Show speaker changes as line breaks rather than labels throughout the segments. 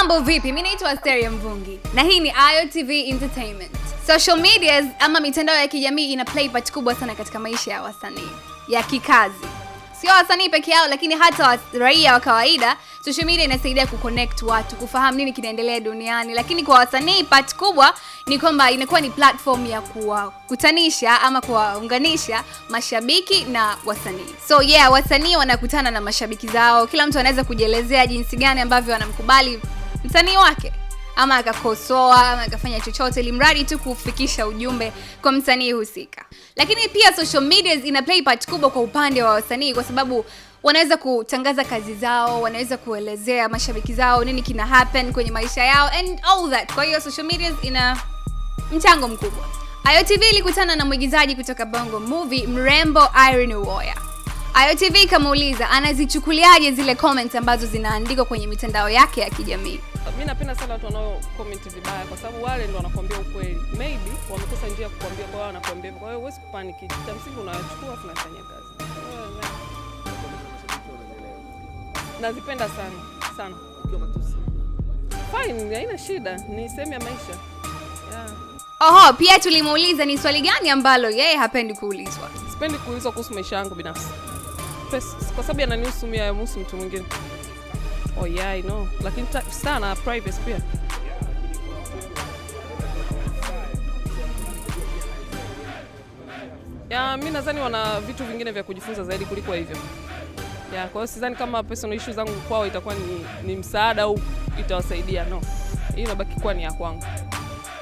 Mambo vipi? Mimi naitwa Asteria Mvungi na hii ni Ayo TV Entertainment. Social medias ama mitandao ya kijamii ina play part kubwa sana katika maisha ya wasanii ya kikazi, sio wasanii peke yao, lakini hata raia wa kawaida. Social media inasaidia kuconnect watu, kufahamu nini kinaendelea duniani, lakini kwa wasanii part kubwa ni kwamba inakuwa ni platform ya kuwakutanisha ama kuwaunganisha mashabiki na wasanii. So yeah, wasanii wanakutana na mashabiki zao, kila mtu anaweza kujielezea jinsi gani ambavyo wanamkubali msanii wake ama akakosoa ama akafanya chochote, ili mradi tu kufikisha ujumbe kwa msanii husika. Lakini pia social media ina play part kubwa kwa upande wa wasanii, kwa sababu wanaweza kutangaza kazi zao, wanaweza kuelezea mashabiki zao nini kina happen kwenye maisha yao and all that. Kwa hiyo social media ina mchango mkubwa. AyoTV ilikutana na mwigizaji kutoka Bongo Movie, mrembo Irene Uwoya. IOTV ikamuuliza anazichukuliaje zile comments ambazo zinaandikwa kwenye mitandao yake ya kijamii.
Mimi napenda sana watu wanao comment vibaya kwa sababu wale ndio wanakuambia ukweli. Maybe wamekosa njia ya kukuambia kwa hiyo wanakuambia. Kwa hiyo huwezi kupanic. Cha msingi unayachukua tunafanya kazi. Nazipenda sana sana. Fine, haina shida. Ni sehemu ya maisha.
Yeah. Oho, pia tulimuuliza ni swali gani ambalo yeye hapendi kuulizwa.
Sipendi kuulizwa kuhusu maisha yangu binafsi kwa sababu yananihusu mimi, hayamhusu mtu mwingine. Oh yeah, I know. Lakini sana privacy pia. Ya, mi nadhani wana vitu vingine vya kujifunza zaidi kuliko hivyo. Ya, kwa hiyo sidhani kama personal issue zangu kwao itakuwa ni, ni msaada au itawasaidia no. hii inabaki kuwa ni ya kwangu.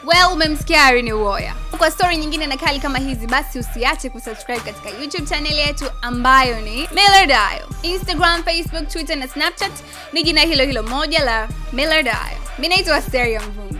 Well, umemsikia Irene Uwoya kwa story nyingine na kali kama hizi, basi usiache kusubscribe katika YouTube channel yetu ambayo ni Millard Instagram, Facebook, Twitter na Snapchat ni jina hilo hilo moja la Millard Ayo. Mimi naitwa Asteria Mvungi.